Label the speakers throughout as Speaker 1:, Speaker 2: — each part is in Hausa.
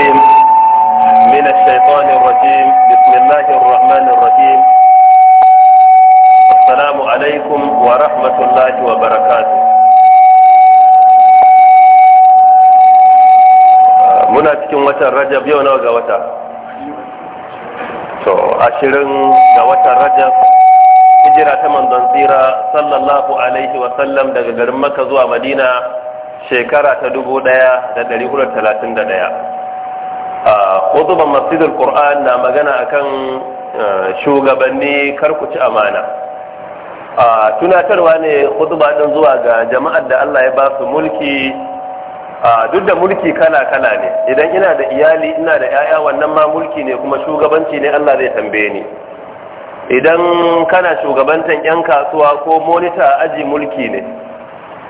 Speaker 1: العظيم من الشيطان الرجيم بسم الله الرحمن الرحيم السلام عليكم ورحمة الله وبركاته muna cikin watan rajab yau nawa ga wata to ashirin ga watan rajab hijira ta manzon tsira sallallahu alaihi sallam, daga garin makka zuwa madina shekara ta dubu ɗaya da ɗari hudu talatin da ɗaya hutuban masjidul qur'an na magana akan eh, shugabanni kar ku ci amana a tunatarwa ne hutuba din zuwa ga jama'ar da Allah ya ba su mulki duk da mulki kala kala ne idan ina da iyali ina da yaya wannan ma mulki ne kuma shugabanci ne Allah zai tambaye ni idan kana shugabantan yan kasuwa ko monita aji mulki ne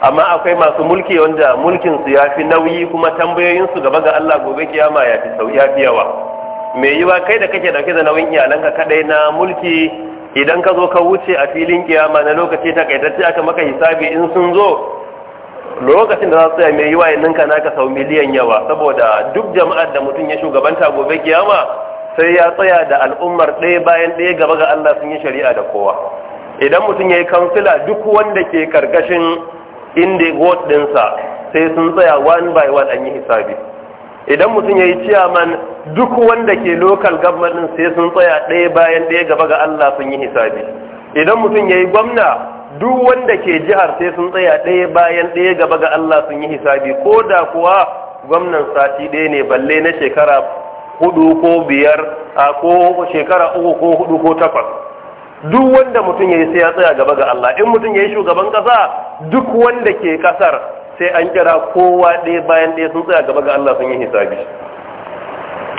Speaker 1: amma akwai masu mulki wanda mulkin su ya fi nauyi kuma tambayoyin su gaba ga Allah gobe kiyama ya fi sauya fi yawa me yiwa kai da kake dauke da nauyin iyalanka kadai na mulki idan ka zo ka wuce a filin kiyama na lokaci ta kaitacce aka maka hisabi in sun zo lokacin da za su tsaya mai yiwa yannin ka naka sau miliyan yawa saboda duk jama'ar da mutum ya shugabanta gobe kiyama sai ya tsaya da al'ummar ɗaya bayan ɗaya gaba ga Allah sun yi shari'a da kowa idan mutum ya yi kansila duk wanda ke karkashin inda vote dinsa sai sun tsaya one by one an yi hisabi idan mutum ya yi ciyaman duk wanda ke local government sai sun tsaya ɗaya bayan ɗaya gaba ga Allah sun yi hisabi idan mutum ya yi gwamna duk wanda ke jihar sai sun tsaya ɗaya bayan ɗaya gaba ga Allah sun yi hisabi ko da kuwa gwamnan sati ɗaya ne balle na shekara hudu ko biyar ko shekara uku ko hudu ko takwas duk wanda mutum ya yi sai ya tsaya gaba ga Allah in mutum ya yi shugaban kasa duk wanda ke kasar sai an kira kowa ɗaya bayan ɗaya sun tsaya gaba ga Allah sun yi hisabi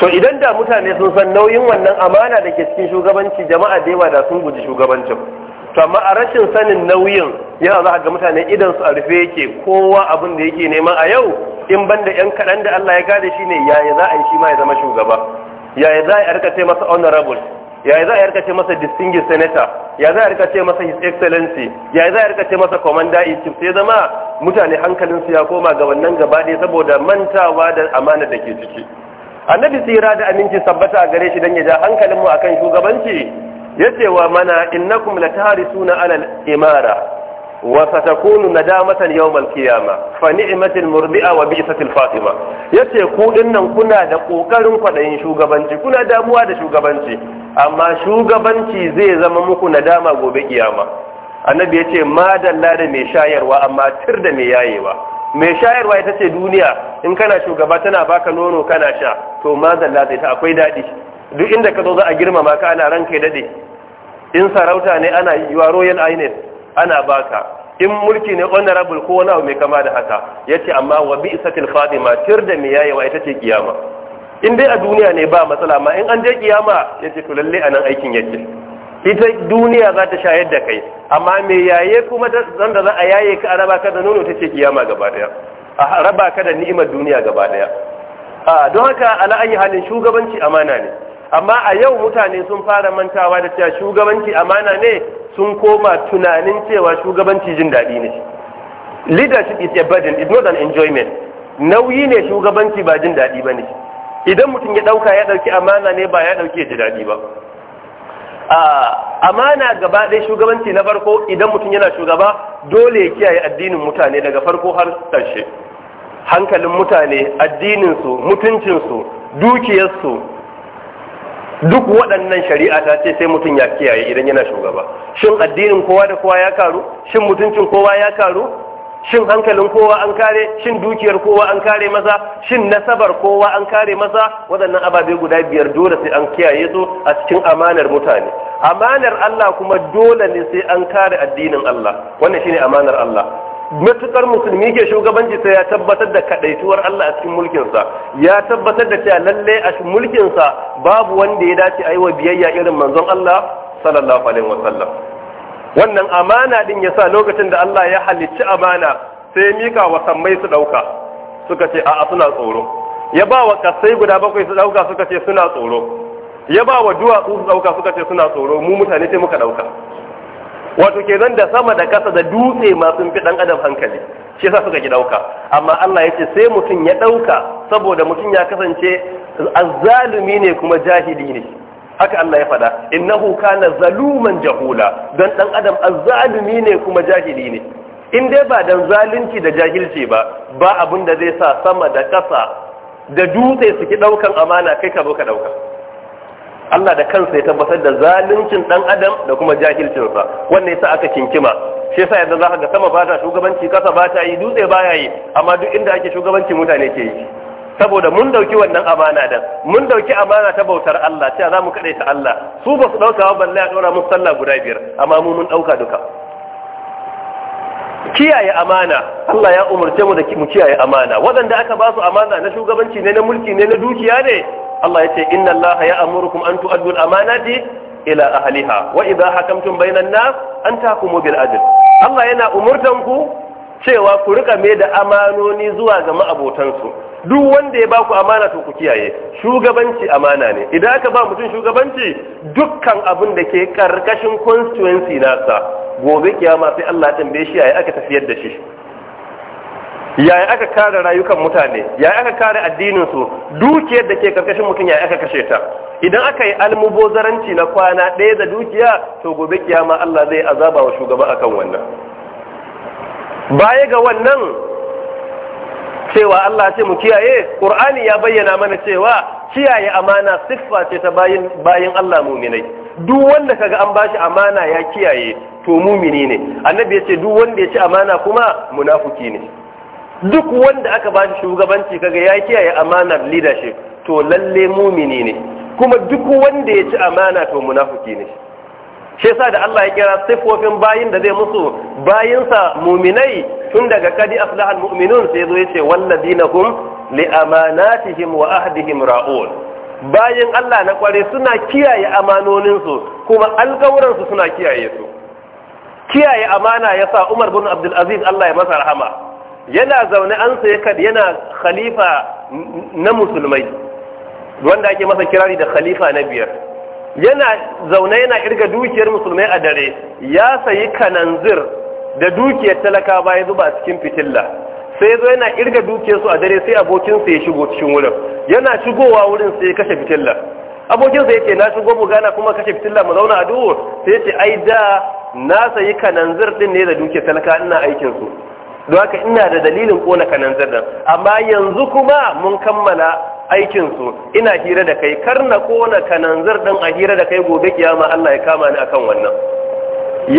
Speaker 1: to idan da mutane sun san nauyin wannan amana da ke cikin shugabanci jama'a da yawa da sun guji shugabancin to amma a rashin sanin nauyin yana za ga mutane idan su a rufe yake kowa abin da yake neman a yau in banda yan kaɗan da Allah ya gada shi ne yaya za a yi shi ma ya zama shugaba yaya za a yi rika taimaka masa honorable ya za a yarka masa distinguished senator ya za a yarka masa his excellency ya za a yarka masa commander in chief sai zama mutane hankalin su ya koma ga wannan gaba ɗaya saboda mantawa da amana da ke ciki annabi tsira da aminci sabbata a gare shi dan ya ja hankalin mu akan shugabanci yace wa mana innakum latarisuna alal imara wa satakunu nadamatan yawmal qiyama fa ni'matil murdi'a wa bi'satil fatima yace ku dinnan kuna da kokarin kwadayin shugabanci kuna damuwa da shugabanci amma shugabanci zai zama muku nadama gobe kiyama annabi yace madalla da mai shayarwa amma tir da mai yayewa mai shayarwa ita ce duniya in kana shugaba tana baka nono kana sha to madalla zai ta akwai dadi duk inda ka zo za a girmama ka ana ranka dade in sarauta ne ana yiwa royal highness ana baka in mulki ne honorable ko wani abu mai kama da haka yace amma wa bi isatil khatima tir da wa ita ce kiyama in dai a duniya ne ba matsala amma in an je kiyama yace to lalle anan aikin yake ita duniya za ta shayar da kai amma me yaye kuma zan da za a yaye ka araba ka da nono tace kiyama gaba daya a raba ka da ni'imar duniya gaba daya a don haka ala ayi halin shugabanci amana ne amma a yau mutane sun fara mantawa da cewa shugabanci amana ne sun koma tunanin cewa shugabanci jin daɗi ne leadership is a burden it's not an enjoyment nauyi ne shugabanci ba jin daɗi ba ne idan mutum ya ɗauka ya ɗauki amana ne ba ya ɗauki ji daɗi ba amana gaba ɗaya shugabanci na farko idan mutum yana shugaba dole ya kiyaye addinin mutane daga farko har ƙarshe hankalin mutane addininsu mutuncinsu dukiyarsu duk waɗannan shari'a ta ce sai mutum ya kiyaye idan yana shugaba shin addinin kowa da kowa ya karu shin mutuncin kowa ya karu shin hankalin kowa an kare shin dukiyar kowa an kare maza? shin nasabar kowa an kare maza? waɗannan ababe guda biyar dole sai an kiyaye su a cikin amanar mutane amanar Allah kuma dole ne sai an kare addinin Allah wannan shine amanar Allah matukar musulmi ke shugabanci sai ya tabbatar da kaɗaituwar Allah a cikin mulkinsa ya tabbatar da cewa lalle a cikin mulkinsa babu wanda ya dace a yi wa biyayya irin manzon Allah sallallahu alaihi wa sallam. wannan amana din yasa lokacin da Allah ya halicci amana sai mika wa sammai su dauka suka ce a'a suna tsoro ya ba wa kasai guda bakwai su dauka suka ce suna tsoro ya ba wa duwatsu su dauka suka ce suna tsoro mu mutane sai muka dauka wato kenan da sama da kasa da dutse masu fi dan adam hankali shi yasa suka ki dauka amma Allah yace sai mutum ya dauka saboda mutum ya kasance azzalumi ne kuma jahili ne haka Allah ya faɗa innahu kana zaluman jahula dan dan adam azzalumi ne kuma jahili ne in dai ba dan zalunci da jahilci ba ba abin da zai sa sama da kasa da dutse su ki daukan amana kai ka zo ka dauka Allah da kansa ya tabbatar da zaluncin dan adam da kuma jahilcin sa, wannan yasa aka kinkima shi yasa yanzu zaka ga sama ba ta shugabanci kasa ba ta yi dutse ya yi amma duk inda ake shugabanci mutane ke yi saboda mun dauki wannan amana da mun dauki amana ta bautar Allah cewa zamu kade ta Allah su ba su dauka ba balle a daura musu sallah guda biyar amma mu mun dauka duka kiyaye amana Allah ya umarce mu da mu kiyaye amana waɗanda aka ba su amana na shugabanci ne na mulki ne na dukiya ne Allah ya ce inna Allah ya'murukum an tu'addu al-amanati ila ahliha wa idha hakamtum bainan nas an tahkumu bil adl Allah yana umurtan ku cewa ku rika mai da amanoni zuwa ga ma'abotansu duk wanda ya baku amana to ku kiyaye shugabanci amana ne idan aka ba mutum shugabanci dukkan abin da ke karkashin constituency nasa gobe kiyama sai Allah ya tambaye shi yayi aka tafiyar da shi yaya aka kare rayukan mutane yaya aka kare addinin su dukiyar da ke karkashin mutum yaya aka kashe ta idan aka yi almubozaranci na kwana ɗaya da dukiya to gobe kiyama Allah zai azaba wa shugaba akan wannan baya ga wannan cewa Allah ce mu kiyaye Qur'ani ya bayyana mana cewa kiyaye amana siffa ce ta bayin bayin Allah muminai duk wanda kaga an bashi amana ya kiyaye to mumini ne annabi ya ce duk wanda ya ci amana kuma munafiki ne duk wanda aka ba shi shugabanci kaga ya kiyaye amanar leadership to lalle mumini ne kuma duk wanda ya ci amana to munafiki ne shi yasa da Allah ya kira sifofin bayin da zai musu bayinsa muminai tun daga kadi aflahal mu'minun sai zo yace walladina hum li amanatihim wa ahdihim ra'un bayin Allah na kware suna kiyaye amanoninsu kuma alƙawuransu suna kiyaye su kiyaye amana yasa Umar bin Abdul Aziz Allah ya masa rahama yana zaune an sai kad yana khalifa na musulmai wanda ake masa kirari da khalifa na biyar yana zaune yana irga dukiyar musulmai a dare ya sayi kananzir da dukiyar talaka baya zuba cikin fitilla sai zo yana irga dukiyar su a dare sai abokinsa ya shigo cikin wurin yana shigowa wurin sai ya kashe fitilla abokinsa yake na shigo mu gana kuma kashe fitilla mu zauna a duhu sai ya ce ai da na sayi kananzir din ne da dukiyar talaka ina aikin su don ina da dalilin kona kananzir din amma yanzu kuma mun kammala aikin su ina hira da kai kar na kona kananzir din a hira da kai gobe kiyama Allah ya kama ni akan wannan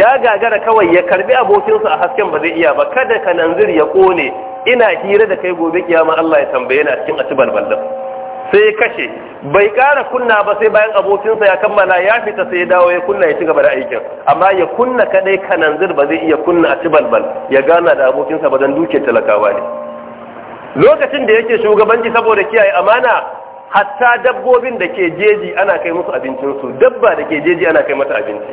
Speaker 1: ya gagara kawai ya karbi abokinsa a hasken ba zai iya ba kada kananzir ya kone ina hira da kai gobe kiyama Allah ya tambaye ni a cikin atibalbal balla sai ya kashe bai kara kunna ba sai bayan abokinsa ya kammala ya fita sai ya dawo ya kunna ya ci gaba da aikin amma ya kunna kadai kananzir ba zai iya kunna a ci balbal ya gana da abokinsa ba don duke talakawa ne lokacin da yake shugabanci saboda kiyaye amana hatta dabbobin da ke jeji ana kai musu abincinsu dabba da ke jeji ana kai mata abinci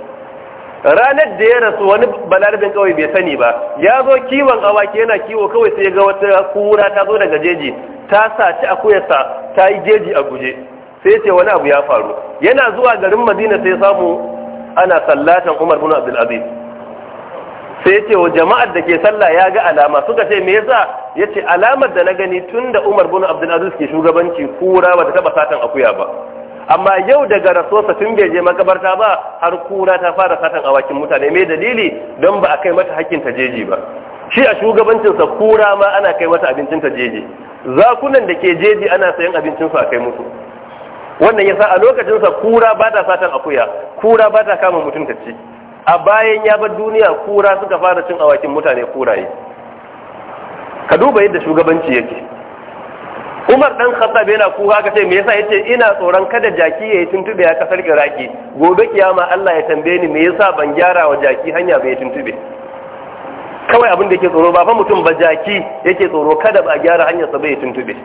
Speaker 1: ranar da ya rasu wani balarabin kawai bai sani ba ya zo kiwon awaki yana kiwo kawai sai ya ga wata kura ta zo daga jeji ta saci akuyarsa ta yi jeji a guje sai ce wani abu ya faru yana zuwa garin madina sai samu ana sallatan umar bin abdul aziz sai ce wa jama'ar da ke sallah ya ga alama suka ce me yasa ya ce alamar da na gani tun da umar bin abdul ke shugabanci kura ba ta taba satan akuya ba amma yau daga rasuwarsa tun bai je makabarta ba har kura ta fara satan awakin mutane me dalili don ba a kai mata hakkin ta jeji ba shi a shugabancinsa kura ma ana kai mata abincin ta jeje zakunan da ke jeji ana sayan abincin a kai musu wannan yasa a lokacinsa kura ba ta satan akuya kura ba ta kama mutum ta ci a bayan ya bar duniya kura suka fara cin awakin mutane kuraye ka duba yadda shugabanci yake Umar dan Khattab yana kuka ka ce me yasa yace ina tsoron kada jaki yayi tuntube ya kasar Iraki gobe kiyama Allah ya tambaye ni me yasa ban gyara wa jaki hanya bai tuntube kawai abin da yake tsoro ba fa mutum ba jaki yake tsoro kada ba gyara hanyarsa bai tuntube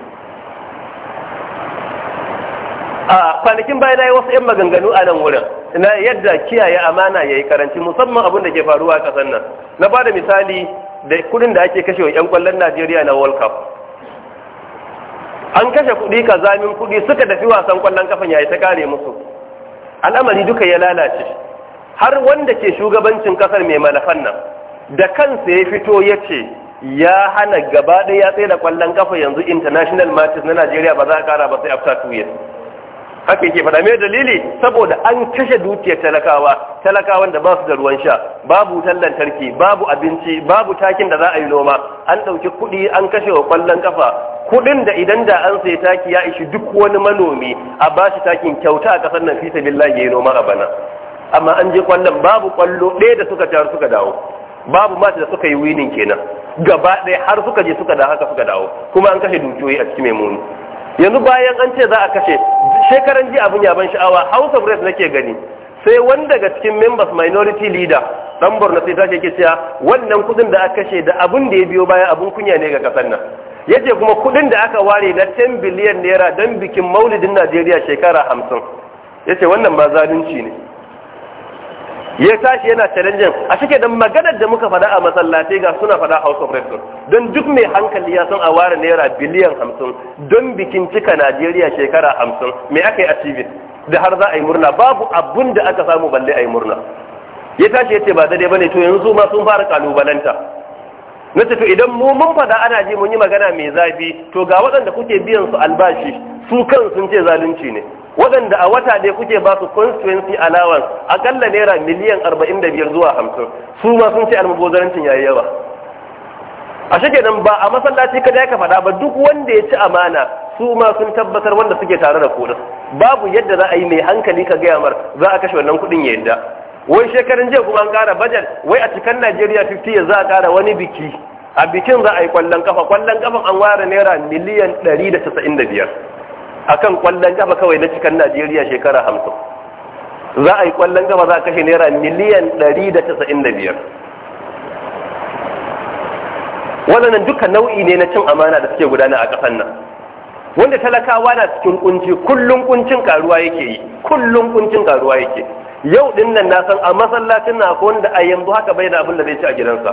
Speaker 1: a kwanakin baya na yi wasu 'yan maganganu a nan wurin na yadda kiyaye amana ya yi karanci musamman abin da ke faruwa a ƙasar nan na ba da misali da kudin da ake kashewa 'yan kwallon najeriya na world cup an kashe kudi kazamin kudi suka tafi wasan kwallon kafan yayi ta kare musu al'amari duka ya lalace har wanda ke shugabancin kasar mai malafan nan da kansa ya fito ya ce ya hana gaba ɗaya ya tsaye da ƙwallon kafa yanzu international matches na Najeriya ba za a kara ba sai after two years haka yake faɗa mai dalili saboda an kashe dukiyar talakawa talakawan da ba su da ruwan sha babu wutar lantarki babu abinci babu takin da za a yi noma an ɗauki kuɗi an kashe wa ƙwallon kafa kuɗin da idan da an sai taki ya ishi duk wani manomi a ba shi takin kyauta a ƙasar nan fi ya ya noma a bana amma an je ƙwallon babu ƙwallo ɗaya da suka taru suka dawo babu mata da suka yi winin kenan gaba ɗaya har suka je suka da haka suka dawo kuma an kashe dukiyoyi a cikin maimuni yanzu bayan an ce za a kashe shekaran ji abin ban sha'awa house of reps nake gani sai wani daga cikin members minority leader dan borno sai ta ke cewa wannan kudin da aka kashe da abin da ya biyo bayan abun kunya ne ga kasar nan yace kuma kudin da aka ware na 10 biliyan naira dan bikin maulidin Najeriya shekara 50 yace wannan ba zalunci ne ya tashi yana challenge a shike dan maganar da muka fada a masallatai ga suna faɗa House of Record don duk mai hankali ya san a ware naira biliyan hamsin don bikin cika Najeriya shekara hamsin mai aka yi achieving da har za a yi murna babu abun da aka samu balle a yi murna ya tashi ya ce ba daidai ne to yanzu ma sun fara kalubalanta na ce to idan mu mun fada ana ji mun yi magana mai zafi to ga waɗanda kuke biyan su albashi su kan sun ce zalunci ne waɗanda a wata ne kuke ba su constituency allowance akalla naira miliyan 45 zuwa 50 su ma sun ce almubazarancin yayi yawa a shi kenan ba a masallaci kada ka faɗa ba duk wanda ya ci amana su ma sun tabbatar wanda suke tare da kodin babu yadda za a yi mai hankali ka gaya mar za a kashe wannan kuɗin ya yadda wai shekarun jiya kuma an ƙara bajet wai a cikin najeriya 50 za a ƙara wani biki a bikin za a yi kwallon kafa kwallon kafan an ware naira miliyan 195 akan kwallon gaba kawai na cikin Najeriya shekara hamsin za a yi kwallon gaba za a kashe naira miliyan ɗari da da biyar. Wannan duka nau'i ne na cin amana da suke gudana a ƙasar nan wanda talakawa na cikin kunci kullum kuncin karuwa yake yi kullum kuncin karuwa yake yau din nan na san a masallacin na wanda a yanzu haka bai da abin da zai ci a gidansa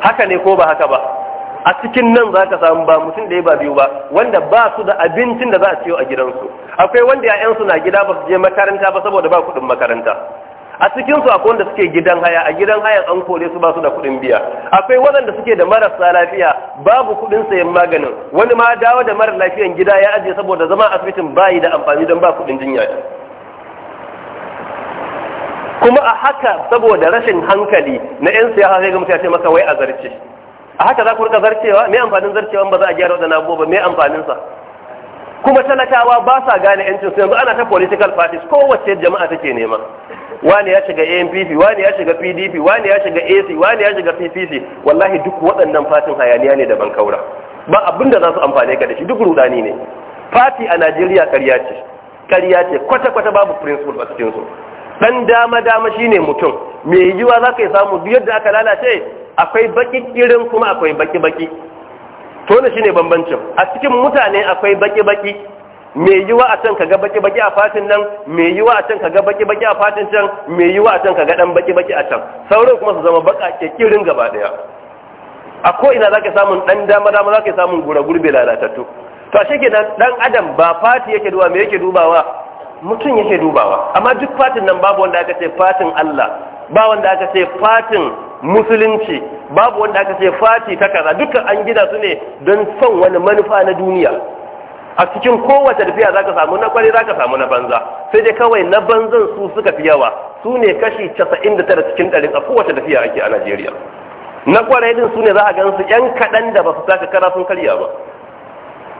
Speaker 1: haka ne ko ba haka ba a cikin nan za ka samu ba mutum da ya ba biyu ba wanda ba su da abincin da za a ciyo a gidansu akwai wanda ‘ya'yansu na gida ba su je makaranta ba saboda ba kuɗin makaranta a cikinsu akwai wanda suke gidan haya a gidan hayan an kore su ba su da kuɗin biya akwai waɗanda suke da marasa lafiya babu kuɗin sayan maganin wani ma dawo da mara lafiyan gida ya ajiye saboda zama asibitin bayi da amfani don ba kuɗin jinya kuma a haka saboda rashin hankali na 'yan siyasa sai ga mutane maka wai a zarce a haka za ku rika zarcewa mai amfanin zarcewa ba za a gyara waɗannan abubuwa ba me amfaninsa kuma talakawa ba sa gane yancin su yanzu ana ta political parties kowace jama'a take nema wani ya shiga ANPP wani ya shiga PDP wani ya shiga AC wani ya shiga PPC wallahi duk waɗannan fatin hayaniya ne da ban kaura ba abin da za su amfane ka da shi duk rudani ne fati a Najeriya karya ce karya ce kwata-kwata babu principle a cikin su dan dama dama shine mutum me yiwa za ka samu duk yadda aka lalace akwai baki irin kuma akwai baki baki to ne shine bambancin a cikin mutane akwai baki baki mai yiwa a can kaga baki baki a fatin nan mai yiwa a can kaga baki baki a fatin can mai yiwa a can kaga dan baki baki a can sauran kuma su zama baka kirin gaba daya a ko ina zaka samun dan dama dama zaka samun gura gurbe lalatattu to ashe kenan dan adam ba fati yake duba me yake dubawa mutum yake dubawa amma duk fatin nan babu wanda aka ce fatin Allah ba wanda aka ce fatin musulunci babu wanda aka ce fati ta kaza dukkan an gida su ne don son wani manufa na duniya a cikin kowace tafiya za ka samu na kwari za ka samu na banza sai dai kawai na banzan su suka fi yawa su ne kashi 99 cikin ɗarin a kowace tafiya ake a najeriya na kwarai din su ne za a gan su yan kaɗan da ba su taka kara sun karya ba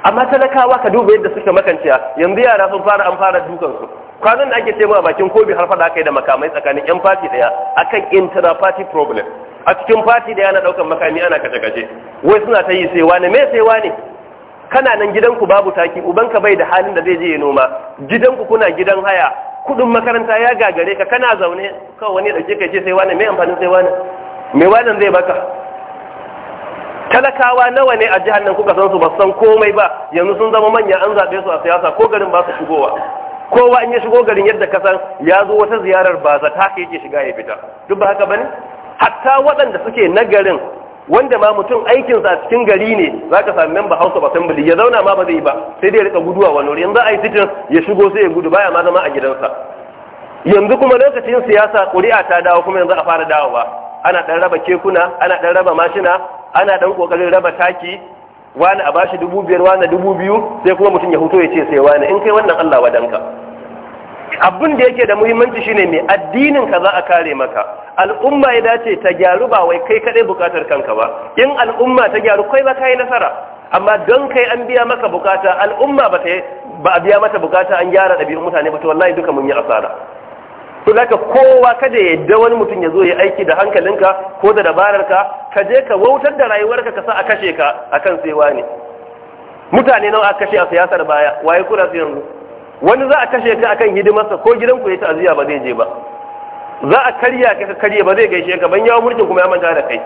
Speaker 1: amma talakawa ka duba yadda suka makanciya yanzu yara sun fara an fara dukansu kwanan da ake ce a bakin kobi har aka kai da makamai tsakanin yan fati daya akan intra party problem a cikin fati daya na daukan makami ana kace kace wai suna ta yi sai wani me sai wani kana nan gidanku babu taki ubanka bai da halin da zai je ya noma gidanku kuna gidan haya kudin makaranta ya gagare ka kana zaune kawai wani dauke ka ce sai wani me amfanin sai wani me wani zai baka talakawa nawa ne a jihar nan kuka san su ba san komai ba yanzu sun zama manya an zaɓe su a siyasa ko garin ba su shigowa kowa in ya shigo garin yadda ka san ya zo wata ziyarar ba za ta yake shiga ya fita duk ba haka bane hatta waɗanda suke na garin wanda ma mutum aikin sa cikin gari ne za ka sami member house of assembly ya zauna ma ba zai ba sai dai ya rika guduwa wani wuri yanzu a yi sitin ya shigo sai ya gudu baya ma zama a gidansa yanzu kuma lokacin siyasa ƙuri'a ta dawo kuma yanzu a fara dawowa ana ɗan raba kekuna ana ɗan raba mashina ana dan ƙoƙarin raba taki wani a bashi dubu biyar wani dubu biyu sai kuma mutum ya huto ya ce sai wani in kai wannan Allah wadanka abin da yake da muhimmanci shine mai addinin ka za a kare maka al'umma ya dace ta gyaru ba wai kai kaɗai bukatar kanka ba in al'umma ta gyaru kai ba yi nasara amma don kai an biya maka bukata al'umma ba ta ba a biya mata bukata an gyara ɗabi'un mutane ba to wallahi duka mun yi asara to zaka kowa kada ya yadda wani mutum ya zo ya aiki da hankalinka ko da dabararka ka je ka wautar da rayuwarka ka sa a kashe ka akan sai wani mutane nawa aka kashe a siyasar baya waye kura su yanzu wani za a kashe ka akan hidimarsa ko gidan ku ya ta'aziyya ba zai je ba za a karya ka ka karye ba zai gaishe ka ban yawo mulkin kuma ya manta da kai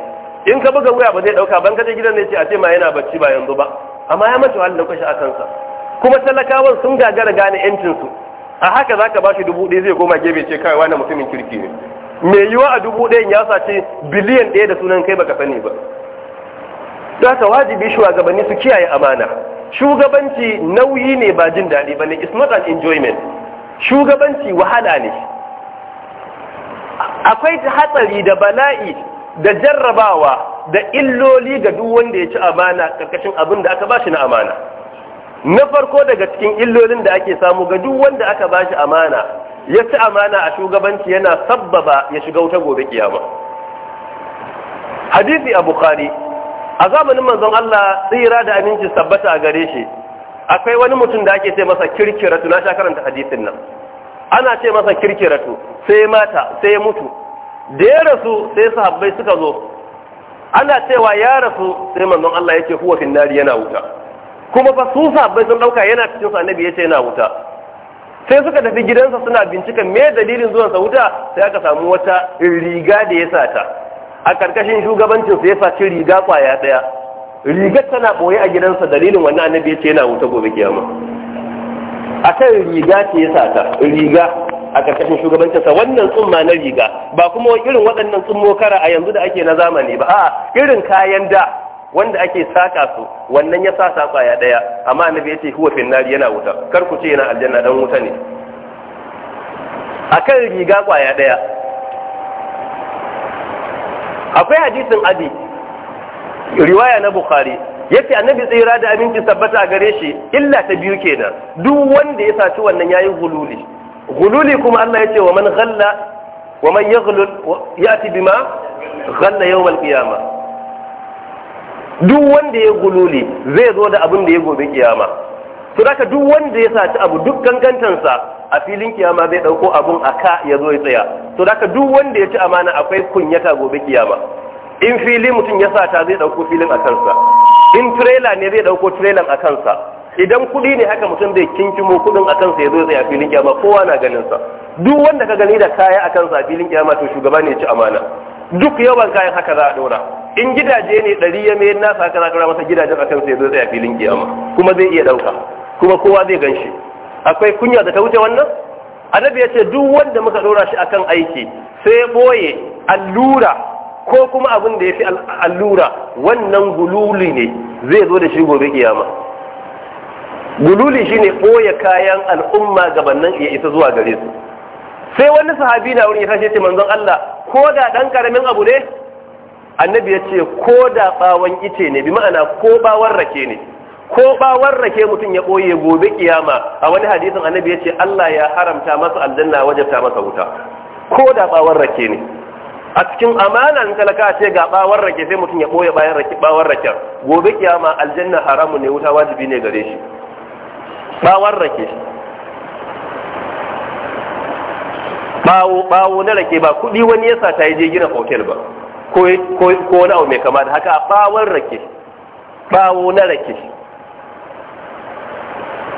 Speaker 1: in ka buga wuya ba zai dauka ban kaje gidan ne ce a ce ma yana bacci ba yanzu ba amma ya mace wahalar kashe a kansa kuma talakawan sun gagara gane yancin su a haka zaka bashi dubu ɗaya zai koma gefe ce kai wani mutumin kirki ne me yiwa a dubu ɗayan ya sace biliyan ɗaya da sunan kai baka sani ba don haka wajibi shugabanni su kiyaye amana shugabanci nauyi ne ba jin daɗi ba ne it's not an enjoyment shugabanci wahala ne akwai hatsari da bala'i da jarrabawa da illoli ga duk wanda ya ci amana karkashin abin da aka bashi na amana na farko daga cikin illolin da ake samu ga duk wanda aka bashi amana ya ci amana a shugabanci yana sabbaba ya shiga wuta gobe kiyama hadisi a bukhari a zamanin manzon Allah tsira da aminci tabbata a gare shi akwai wani mutum da ake ce masa kirkiratu na sha karanta hadisin nan ana ce masa kirkiratu sai mata sai mutu da ya rasu sai sahabbai suka zo ana cewa ya rasu sai manzon Allah yake huwa finnari yana wuta kuma fa su sahabbai sun dauka yana cikin sa annabi yace yana wuta sai suka tafi gidansa suna bincika me dalilin zuwan sa wuta sai aka samu wata riga da ya sata a ƙarƙashin shugabancin sa ya saci riga kwaya ɗaya rigar tana ɓoye a gidansa dalilin wannan annabi ya ce yana wuta gobe kiyama a kan riga ce ya sata riga a ƙarƙashin sa wannan tsumma na riga ba kuma irin waɗannan kara a yanzu da ake na zamani ba a irin kayan da wanda ake saka su wannan ya sa kwaya ɗaya amma annabi ya ce huwa finnari yana wuta kar ku ce yana aljanna dan wuta ne akan riga kwaya ɗaya akwai hadisin abi riwaya na bukhari yace annabi tsira da aminci sabbata gare shi illa ta biyu kenan duk wanda ya saci wannan yayi hululi hululi kuma Allah yace wa man ghalla wa man yaghlul yati bima ghalla yawm al duk wanda ya hululi zai zo da abin da ya gobe kiyama to haka duk wanda ya saci abu duk gangantansa a filin kiyama zai dauko abun aka ya zo ya tsaya to ka duk wanda ya ci amana akwai kunyata gobe kiyama in fili mutum ya sata zai dauko filin a kansa in trailer ne zai dauko trailer a kansa idan kudi ne haka mutum zai kinkimo kudin a kansa ya zo tsaye a filin kiyama kowa na ganin sa duk wanda ka gani da kaya a kansa a filin kiyama to shugaba ne ya ci amana duk yawan kayan haka za a dora in gidaje ne ɗari ya mayar nasa haka za a masa gidajen a kansa ya zo a filin kiyama kuma zai iya dauka kuma kowa zai gan akwai kunya da ta wuce wannan annabi ya ce duk wanda muka ɗora shi akan aiki sai boye allura ko kuma abin da ya fi allura wannan gululi ne zai zo da shi gobe kiyama
Speaker 2: gululi shine
Speaker 1: ɓoye kayan al'umma gabanin iya isa zuwa gare su sai wani sahabi na wurin ya tashi ce manzon Allah ko da ɗan karamin abu ne annabi ya ce ko da bawon ice ne bi ma'ana ko bawon rake ne ko ba rake mutum ya ɓoye gobe kiyama a wani hadisin annabi ya ce Allah ya haramta masa aljanna wajabta masa wuta ko da ba rake ne a cikin amana an talaka ce ga ba rake sai mutum ya ɓoye bayan rake ba warrake gobe kiyama aljanna haramun ne wuta wajibi ne gare shi ba rake bawo bawo na rake ba kuɗi wani yasa ta yi je gina hotel ba ko ko ko na mai kama da haka bawar rake bawo na rake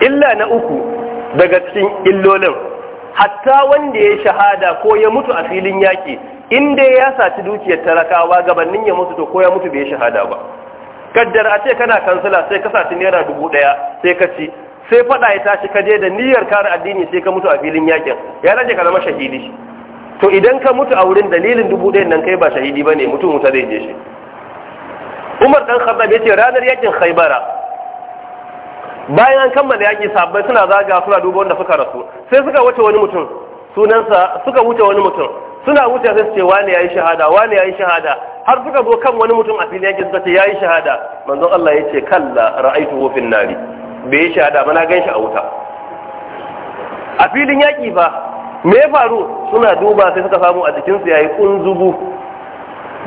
Speaker 1: illa na uku daga cikin illolin hatta wanda ya shahada ko ya mutu a filin yaƙi in dai ya saci dukiyar talakawa gabanin ya mutu to ko ya mutu bai shahada ba kaddar a ce kana kansila sai ka saci naira dubu ɗaya sai ka ci sai faɗa ya tashi ka je da niyyar kare addini sai ka mutu a filin yaƙin ya rage ka zama shahidi to idan ka mutu a wurin dalilin dubu ɗaya nan kai ba shahidi ba ne mutum wuta zai je shi umar ɗan khattab ya ce ranar yakin khaibara bayan an kammala yaƙi sabbai suna zaga suna duba wanda suka rasu sai suka wuce wani mutum sunansa suka wuce wani mutum suna wuce sai su ce wani yayi shahada wani yayi shahada har suka zo kan wani mutum a filin yaƙi suka ce yayi shahada manzon Allah ya ce kalla ra'aitu fil nari bai yi shahada ba na gan a wuta a filin yaƙi ba me ya faru suna duba sai suka samu a jikinsu yayi kunzubu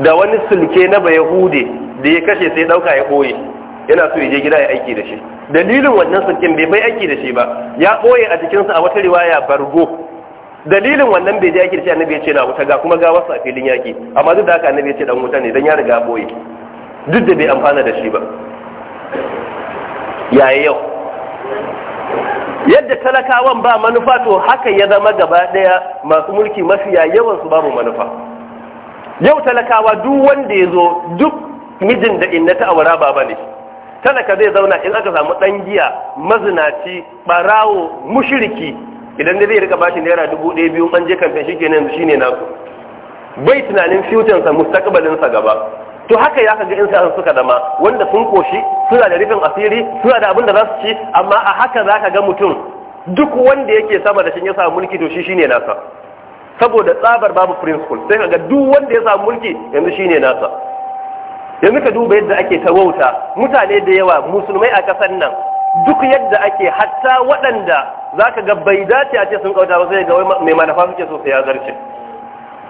Speaker 1: da wani sulke na bayahude da ya kashe sai dauka ya koye yana so ya je gida ya aiki da shi dalilin wannan sakin bai bai aiki da shi ba ya ɓoye a jikinsa a wata riwaya bargo dalilin wannan bai je aiki da shi annabi ya ce na wuta ga kuma ga wasu a filin yaki amma duk da haka annabi ya ce dan wuta ne dan ya riga boye duk da bai amfana da shi ba yaya yau yadda talakawan ba manufa to haka ya zama gaba daya masu mulki mafiya yawan su babu manufa yau talakawa duk wanda ya zo duk mijin da inna ta aura baba ne talaka zai zauna in aka samu ɗan giya mazinaci ɓarawo, mushiriki, idan da zai rika bashi naira dubu ɗaya biyu an je kamfen shi kenan ne naku bai tunanin fiyutansa mustaqbalinsa gaba to haka ya kaga in sa suka dama wanda sun koshi suna da rufin asiri suna da abin da za su ci amma a haka za ka ga mutum duk wanda yake sama da shi ya samu mulki to shi shine nasa saboda tsabar babu principle sai kaga duk wanda ya samu mulki yanzu shine nasa yanzu ka duba yadda ake ta wauta mutane da yawa musulmai a ƙasar nan duk yadda ake hatta waɗanda za ka ga bai dace a ce sun kauta ba sai ga mai manufa suke so ya zarce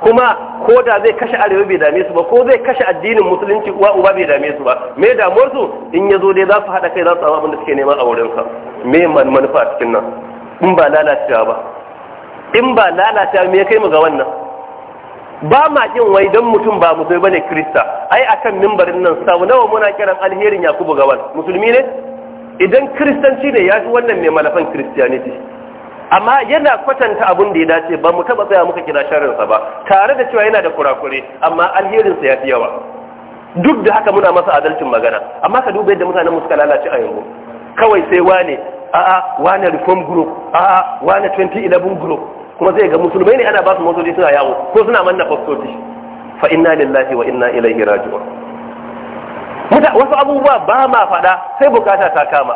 Speaker 1: kuma ko da zai kashe arewa bai dame su ba ko zai kashe addinin musulunci uwa uba bai dame su ba me damuwar su in ya zo dai za su haɗa kai za su samu abin da suke nema a wurin sa me manufa a cikin nan in ba lalacewa ba in ba lalacewa me ya kai mu ga wannan ba ma kin wai don mutum ba musulmi ne kirista, ai akan mimbarin nan sau nawa muna kiran alherin yakubu gawan musulmi ne idan kiristanci ne ya fi wannan mai malafan christianity amma yana kwatanta abin da ya dace ba mu taba tsaya muka kira sharrinsa ba tare da cewa yana da kurakure amma alherinsa ya fi yawa duk da haka muna masa adalcin magana amma ka duba yadda mutanen suka lalace a yanzu kawai sai wane a'a wane reform group a'a wane 2011 group kuma zai ga musulmai ne ana ba su motoci suna yawo ko suna manna fastoci fa inna lillahi wa inna ilaihi raji'un wasu abubuwa ba ma fada sai bukata ta kama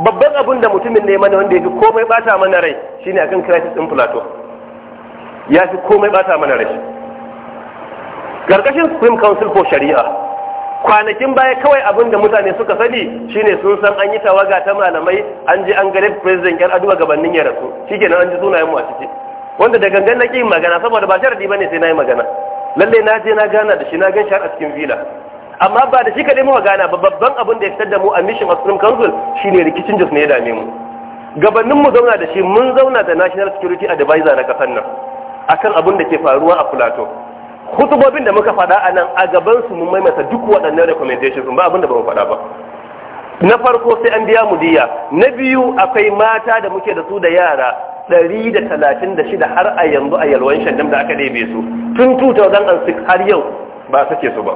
Speaker 1: babban abin da mutumin ne mana wanda ya fi komai bata mana rai shine akan crisis din plateau ya fi komai bata mana rai karkashin supreme council for shari'a kwanakin baya kawai abin da mutane suka sani shine sun san an yi tawaga ta malamai an ji an gare president yar aduwa gabanin ya rasu shikenan an ji sunayen mu a ciki wanda da gangan na nake magana saboda ba ba bane sai nayi magana lalle na je na gana da shi na gan shar a cikin vila. amma ba da shi kadai mu gana ba babban abin da ya fitar da mu a mission of supreme Council shine rikicin jos ne ya dame mu gabanin mu zauna da shi mun zauna da National Security Advisor na kasar nan akan abin da ke faruwa a Plateau hutubobin da muka faɗa a nan a gaban su mun maimaita duk waɗannan recommendations ba abin da ba mu faɗa ba na farko sai an biya mu diya na biyu akwai mata da muke da su da yara 136 har a yanzu a yalwan shaddam da aka ɗebe su tun 2006 har yau ba suke su ba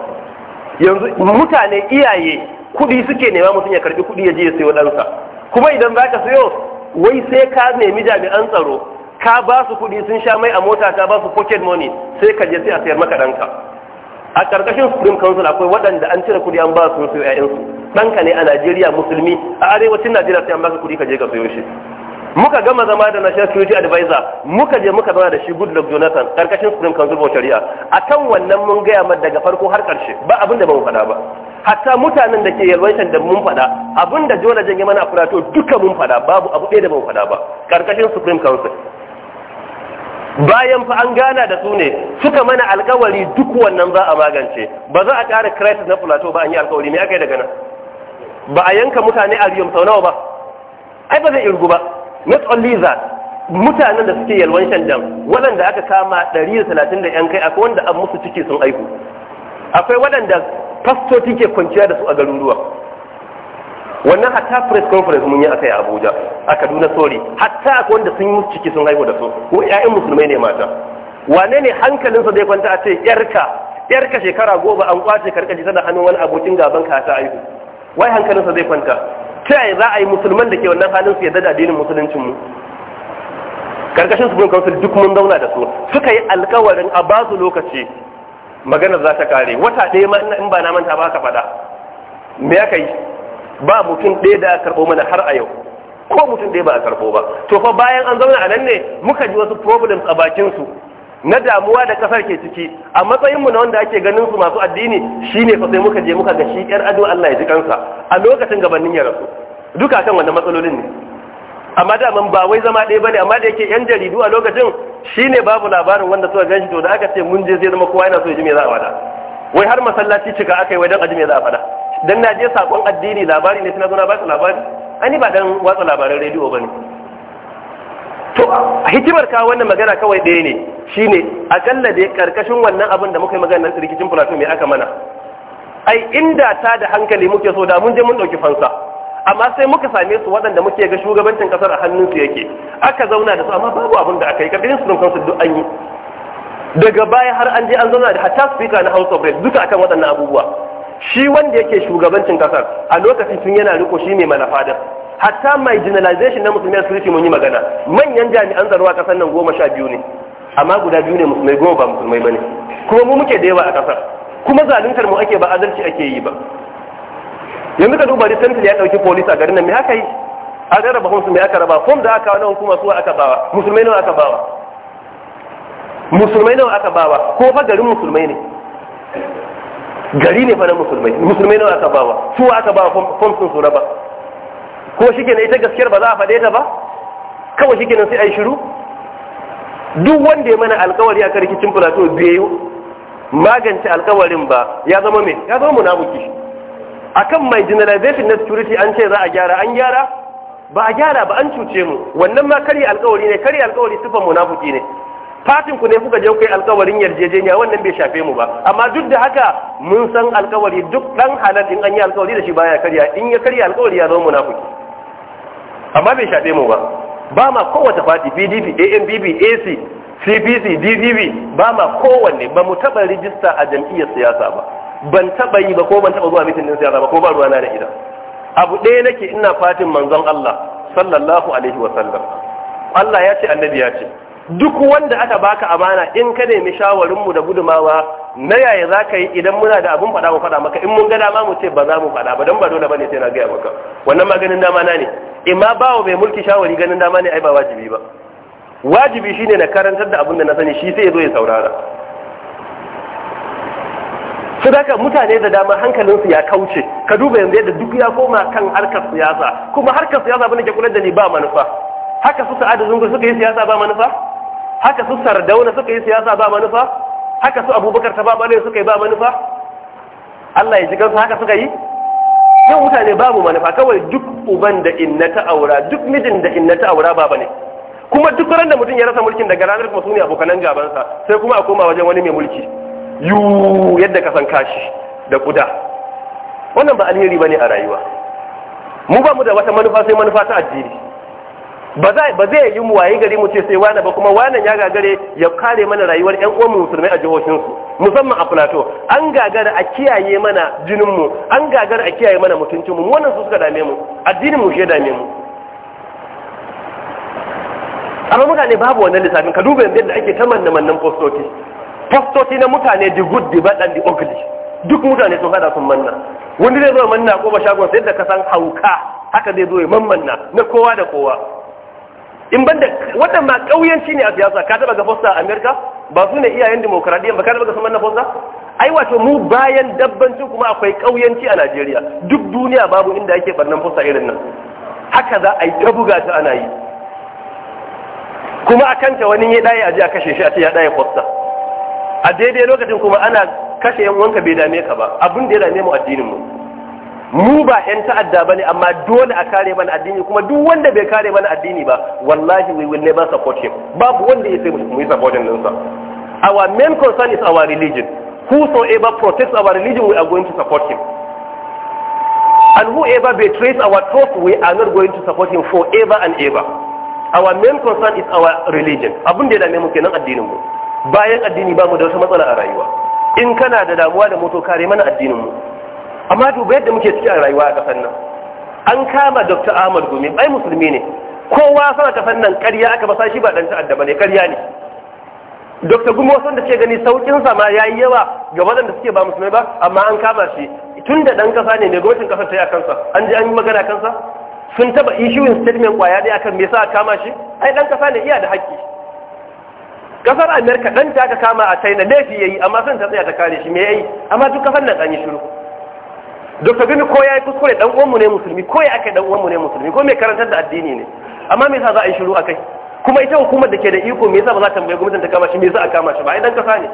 Speaker 1: yanzu mutane iyaye kuɗi suke nema mutum ya karbi kuɗi ya je ya sayo ɗansa kuma idan za ka sayo wai sai ka nemi jami'an tsaro ka ba su kuɗi sun sha mai a mota ka ba su pocket money sai ka je sai a sayar maka ɗanka a ƙarƙashin supreme council akwai waɗanda an cire kuɗi an ba su su ƴaƴansu ɗanka ne a najeriya musulmi a arewacin najeriya sai an ba su kuɗi ka je ka sayo shi muka gama zama da national security advisor muka je muka zama da shi goodluck jonathan ƙarƙashin supreme council for shari'a kan wannan mun gaya ma daga farko har ƙarshe ba abin da ba mu faɗa ba hatta mutanen da ke yalwaitan da mun faɗa abin da jona janye mana a furato duka mun faɗa babu abu ɗaya da ba mu faɗa ba ƙarƙashin supreme council bayan fa an gana da su ne suka mana alkawari duk wannan za a magance ba za a ƙara crisis na plateau ba an yi alkawari me aka yi daga nan ba a yanka mutane a riyom sau nawa ba ai ba zai irgu ba not only that mutanen da suke yalwan shanjan waɗanda aka kama 130 da yan kai akwai wanda an musu ciki sun aiku akwai waɗanda fastoci ke kwanciya da su a garuruwa wannan hatta press conference mun yi a yi abuja a kaduna sorry hatta akwai wanda sun yi ciki sun haihu da su ko 'ya'yan musulmai ne mata wane ne hankalinsa zai kwanta a ce yarka yarka shekara goma an kwace karkashi sana hannun wani abokin gaban ka ta aihu wai hankalinsa zai kwanta ta yi za a yi musulman da ke wannan halin su yadda da addinin musuluncinmu karkashin su council duk mun zauna da su suka yi alkawarin a ba su lokaci maganar za ta kare wata ɗaya ma in ba na manta ba ka faɗa me aka yi ba mutum ɗaya da karɓo mana har a yau ko mutum ɗaya ba a karɓo ba to fa bayan an zauna a nan ne muka ji wasu problems a bakin su na damuwa da kasar ke ciki a matsayinmu na wanda ake ganin su masu addini shine fa sai muka je muka ga shi yar ado Allah ya ji kansa a lokacin gabanin ya rasu duka kan wannan matsalolin ne amma da ba wai zama ɗaya bane amma da yake yan jaridu a lokacin shine babu labarin wanda suka ganshi to da aka ce mun je zai zama kowa yana so ya ji me za a faɗa wai har masallaci cika aka yi wai dan ji me za a faɗa dan na je sakon addini labari ne suna zuna ba su labari ani ba dan watsa labaran rediyo bane to hikimar ka wannan magana kawai ɗaya ne shine akalla da karkashin wannan abin da muka yi magana nan rikicin plateau mai aka mana ai inda ta da hankali muke so da mun je mun dauki fansa amma sai muka same su waɗanda muke ga shugabancin kasar a su yake aka zauna da su amma babu abin da aka yi karkashin su kansu duk an yi daga baya har an je an zauna da hatta speaker na house of reps duka akan waɗannan abubuwa shi wanda yake shugabancin kasar a lokacin tun yana riko shi ne manafadar hatta generalization na musulmi security mun yi magana manyan jami'an tsaro a kasar nan goma sha biyu ne amma guda biyu ne musulmai goma ba musulmai bane kuma mu muke da yawa a kasar kuma zaluntar mu ake ba adalci ake yi ba yanzu ka duba da ya dauki police a garin nan me haka yi an rarraba homsu me aka raba fom da aka wani hukuma suwa aka bawa musulmai nawa aka bawa musulmai nawa aka bawa ko fa garin musulmai ne gari ne fa na musulmai musulmai nawa aka bawa su aka bawa fom sun sura ba ko shi ita gaskiyar ba za a faɗe ta ba kawai shi sai a yi shiru duk wanda ya mana alkawari a rikicin plateau biyu magance alkawarin ba ya zama mai ya zama munafuki akan mai generalization na security an ce za a gyara an gyara ba a gyara ba an cuce mu wannan ma karya alkawari ne karya alkawari sifan munafuki ne fatin ku ne kuka je kai alkawarin yarjejeniya wannan bai shafe mu ba amma duk da haka mun san alkawari duk dan halal in an yi alkawari da shi baya karya in ya karya alkawari ya zama munafiki amma bai shafe mu ba ba ma kowace fati PDP ANPP AC CPC DPP ba ma kowanne ba mu taba rijista a jam'iyyar siyasa ba ban taba yi ba ko ban taba zuwa mitin din siyasa ba ko ba ruwana da ita abu ɗaya nake ina fatin manzon Allah sallallahu alaihi wa sallam Allah ya ce annabi ya ce duk wanda aka baka amana in ka nemi shawarinmu da gudumawa na yaya za ka yi idan muna da abin faɗa mu faɗa maka in mun ga dama mu ce ba za mu faɗa ba don ba dole ba ne sai na gaya maka wannan ma ganin dama na ne in ma bawo mai mulki shawari ganin dama ne ai ba wajibi ba wajibi shine na karantar da abin da na sani shi sai ya zo ya saurara su daga mutane da dama hankalinsu ya kauce ka duba yanzu yadda duk ya koma kan harkar siyasa kuma harkar siyasa bane ke kula da ni ba manufa haka suka adadin suka yi siyasa ba manufa haka su sardauna suka yi siyasa ba manufa haka su abubakar ta babale suka yi ba manufa Allah ya ji kansu haka suka yi yau mutane babu manufa kawai duk uban da inna ta aura duk mijin da inna ta aura baba ne kuma duk ran da mutum ya rasa mulkin daga ranar kuma sune abokanan gabansa sai kuma a koma wajen wani mai mulki yu yadda ka san kashi da kuda wannan ba alheri bane a rayuwa mu ba mu da wata manufa sai manufa ta addini ba zai yi mu waye gari mu ce sai wani ba kuma wani ya gagare ya kare mana rayuwar yan uwan musulmai a jihohinsu musamman a plateau an gagara a kiyaye mana jininmu an gagara a kiyaye mana mutuncinmu mu wannan su suka dame mu addinin mu shi dame mu amma mutane babu wannan lissafin ka duba yadda ake ta manna-mannan fostoci fostoci na mutane di good di bad and di ugly duk mutane sun hada sun manna wani zai zo manna ko ba shagon sai da ka san hauka haka zai zo ya mammanna na kowa da kowa in banda wannan ma kauyanci ne a siyasa ka taba ga fosta a America ba su ne iyayen demokradiyya ba ka taba ga sun manna fosta ai wato mu bayan dabbancin kuma akwai kauyanci a Najeriya duk duniya babu inda ake barnan fosta irin nan haka za a yi ta buga ta ana yi kuma a kanta wani ya daya a kashe shi a ce ya daya fosta a daidai lokacin kuma ana kashe yan wanka bai dame ka ba abin da ya dame mu addinin mu mu ba 'yan ta'adda ba ne amma dole a kare mana addini kuma duk wanda bai kare mana addini ba wallahi we will never support him babu wanda ya sai mu yi supporting ɗinsa our main concern is our religion whosoever protects our religion we are going to support him and whoever betrays our trust we are not going to support him forever and ever our main concern is our religion abin da ya dame mu kenan addinin mu bayan addini ba mu da wata matsala a rayuwa in kana da damuwa da moto kare mana addinin mu amma duba yadda muke cikin rayuwa a kasar nan an kama dr ahmad gumi ai musulmi ne kowa sana ta fannin ƙarya aka masa shi ba ɗan ta'adda ba ne ƙarya ne dr gumi wasu da ke gani saukin sa ma yayi yawa ga da suke ba musulmi ba amma an kama shi tun da ɗan ƙasa ne mai gwamnatin ƙasar ta yi a kansa an ji an yi magana kansa sun taɓa issuing statement ƙwaya dai akan me yasa a kama shi ai ɗan ƙasa ne iya da haƙƙi ƙasar amerika ɗan ta aka kama a china laifi yayi amma sun ta tsaya ta kare shi me yayi amma duk kasar nan an yi shiru duk Bimi ko ya yi kuskure dan uwanmu ne musulmi ko ya aka dan uwanmu ne musulmi ko mai karantar da addini ne amma me yasa za a yi shiru akai kuma ita hukumar da ke da iko me yasa ba za ta tambaye gwamnatin ta kama shi me yasa a kama shi ba dan kasa ne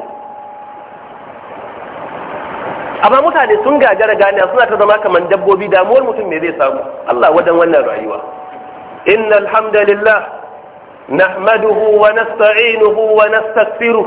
Speaker 1: amma mutane sun gagara gane suna ta zama kamar dabbobi damuwar mutum me zai samu Allah wadan wannan rayuwa innal hamdalillah nahmaduhu wa nasta'inuhu wa nastaghfiruh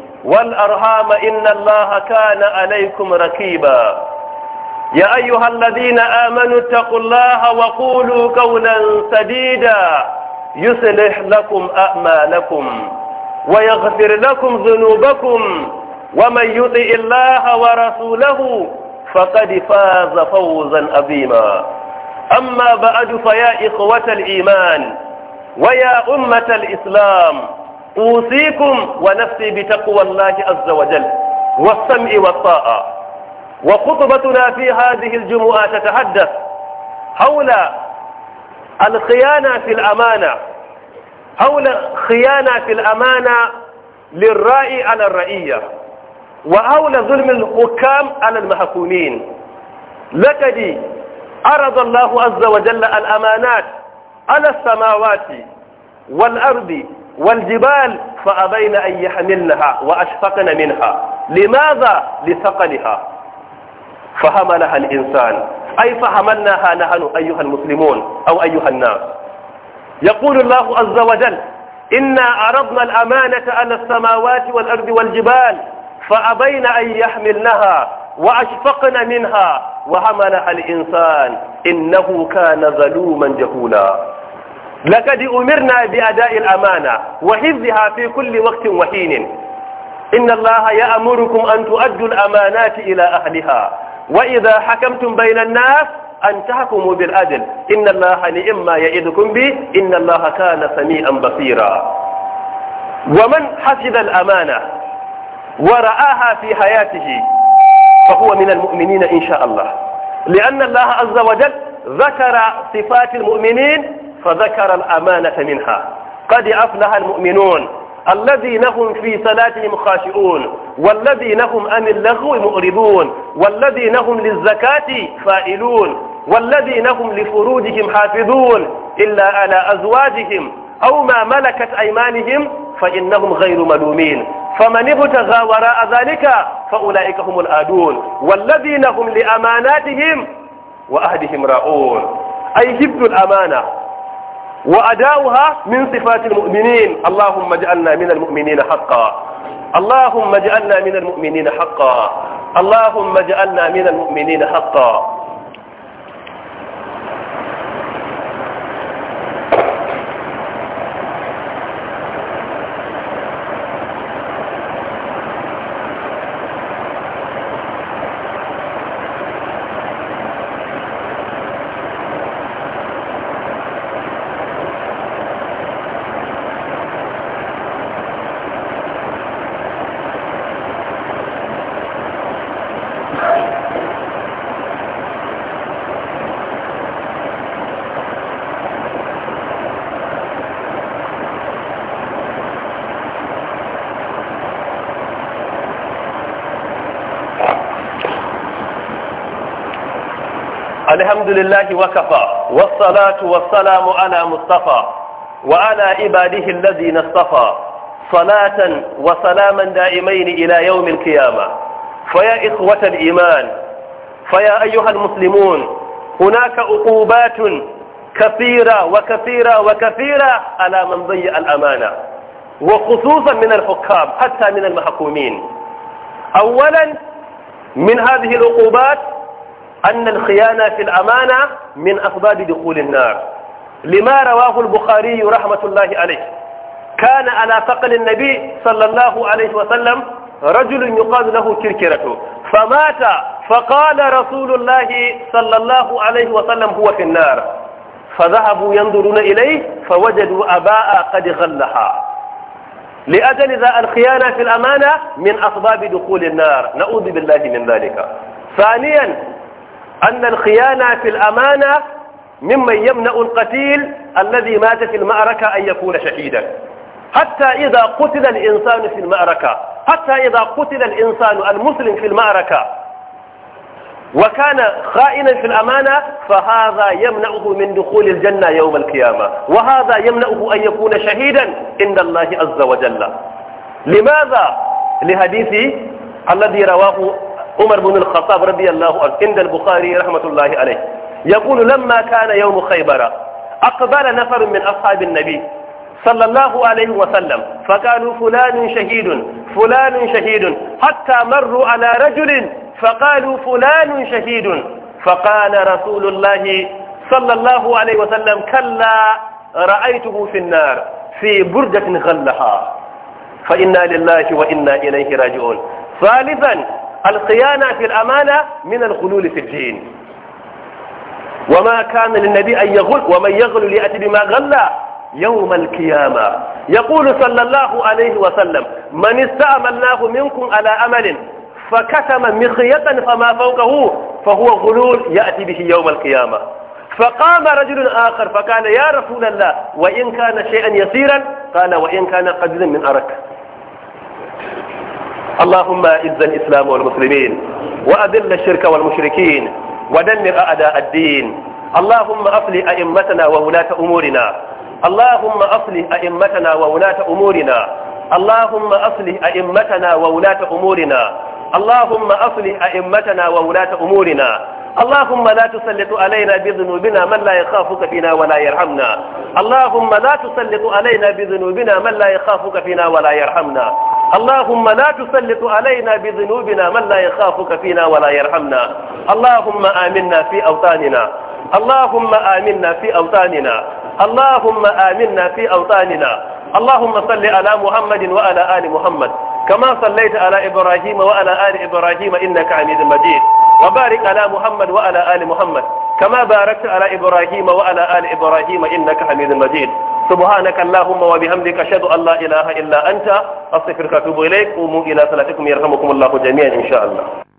Speaker 1: والأرحام إن الله كان عليكم ركيبا يا أيها الذين آمنوا اتقوا الله وقولوا قولا سديدا يصلح لكم أعمالكم ويغفر لكم ذنوبكم ومن يطع الله ورسوله فقد فاز فوزا عظيما أما بعد فيا إخوة الإيمان ويا أمة الإسلام أوصيكم ونفسي بتقوى الله عز وجل والسمع والطاعة وخطبتنا في هذه الجمعة تتحدث حول الخيانة في الأمانة حول خيانة في الأمانة للرأي على الرئية وحول ظلم الحكام على المحكومين لقد عرض الله عز وجل الأمانات على السماوات والأرض والجبال فأبين أن يحملنها وأشفقن منها لماذا لثقلها فحملها الإنسان أي فحملناها نحن أيها المسلمون أو أيها الناس يقول الله عز وجل إنا عرضنا الأمانة على السماوات والأرض والجبال فأبين أن يحملنها وأشفقن منها وحملها الإنسان إنه كان ظلوما جهولا لقد أمرنا بأداء الأمانة وحفظها في كل وقت وحين إن الله يأمركم أن تؤدوا الأمانات إلى أهلها وإذا حكمتم بين الناس أن تحكموا بالعدل إن الله لإما نعم يعدكم به إن الله كان سميعا بصيرا ومن حفظ الأمانة ورآها في حياته فهو من المؤمنين إن شاء الله لأن الله عز وجل ذكر صفات المؤمنين فذكر الأمانة منها قد أفلح المؤمنون الذين هم في صلاتهم خاشعون والذين هم عن اللغو مؤرضون والذين هم للزكاة فائلون والذين هم لفروجهم حافظون إلا على أزواجهم أو ما ملكت أيمانهم فإنهم غير ملومين فمن ابتغى وراء ذلك فأولئك هم الآدون والذين هم لأماناتهم وأهدهم راؤون أي جبد الأمانة وأداؤها من صفات المؤمنين اللهم اجعلنا من المؤمنين حقا اللهم اجعلنا من المؤمنين حقا اللهم اجعلنا من المؤمنين حقا الحمد لله وكفى والصلاة والسلام على مصطفى وعلى عباده الذين اصطفى صلاة وسلاما دائمين إلى يوم القيامة فيا إخوة الإيمان فيا أيها المسلمون هناك عقوبات كثيرة وكثيرة وكثيرة على من ضيع الأمانة وخصوصا من الحكام حتى من المحكومين أولا من هذه العقوبات أن الخيانة في الأمانة من أسباب دخول النار لما رواه البخاري رحمة الله عليه كان على ثقل النبي صلى الله عليه وسلم رجل يقال له كركرة فمات فقال رسول الله صلى الله عليه وسلم هو في النار فذهبوا ينظرون إليه فوجدوا أباء قد غلها لأجل ذا الخيانة في الأمانة من أسباب دخول النار نعوذ بالله من ذلك ثانيا أن الخيانة في الأمانة ممن يمنع القتيل الذي مات في المعركة أن يكون شهيدا حتى إذا قتل الإنسان في المعركة حتى إذا قتل الإنسان المسلم في المعركة وكان خائنا في الأمانة فهذا يمنعه من دخول الجنة يوم القيامة وهذا يمنعه أن يكون شهيدا عند الله عز وجل لماذا؟ لحديث الذي رواه عمر بن الخطاب رضي الله عنه عند البخاري رحمة الله عليه يقول لما كان يوم خيبر أقبل نفر من أصحاب النبي صلى الله عليه وسلم فقالوا فلان شهيد فلان شهيد حتى مروا على رجل فقالوا فلان شهيد فقال رسول الله صلى الله عليه وسلم كلا رأيته في النار في بردة غلها فإنا لله وإنا إليه راجعون ثالثا الخيانة في الأمانة من الخلول في الدين وما كان للنبي أن يغل ومن يغل ليأتي بما غلى يوم القيامة يقول صلى الله عليه وسلم من استعملناه منكم على أمل فكتم مخية فما فوقه فهو غلول يأتي به يوم القيامة فقام رجل آخر فقال يا رسول الله وإن كان شيئا يسيرا قال وإن كان قليلا من أرك اللهم اعز الإسلام والمسلمين وأذل الشرك والمشركين ودمر أعداء الدين اللهم أصل أئمتنا وولاة أمورنا اللهم أصل أئمتنا وولاة أمورنا اللهم أصل أئمتنا وولاة أمورنا اللهم أصل أئمتنا وولاة أمورنا اللهم لا تسلط علينا بذنوبنا من لا يخافك فينا ولا يرحمنا اللهم لا تسلط علينا بذنوبنا من لا يخافك فينا ولا يرحمنا اللهم لا تسلط علينا بذنوبنا من لا يخافك فينا ولا يرحمنا اللهم آمنا في أوطاننا اللهم آمنا في أوطاننا اللهم آمنا في أوطاننا اللهم صل على محمد وعلى آل محمد كما صليت على إبراهيم وعلى آل إبراهيم إنك حميد مجيد وبارك على محمد وعلى آل محمد كما باركت على إبراهيم وعلى آل إبراهيم إنك حميد مجيد سبحانك اللهم وبحمدك أشهد أن لا إله إلا أنت أستغفرك وأتوب إليك قوموا إلى صلاتكم يرحمكم الله جميعا إن شاء الله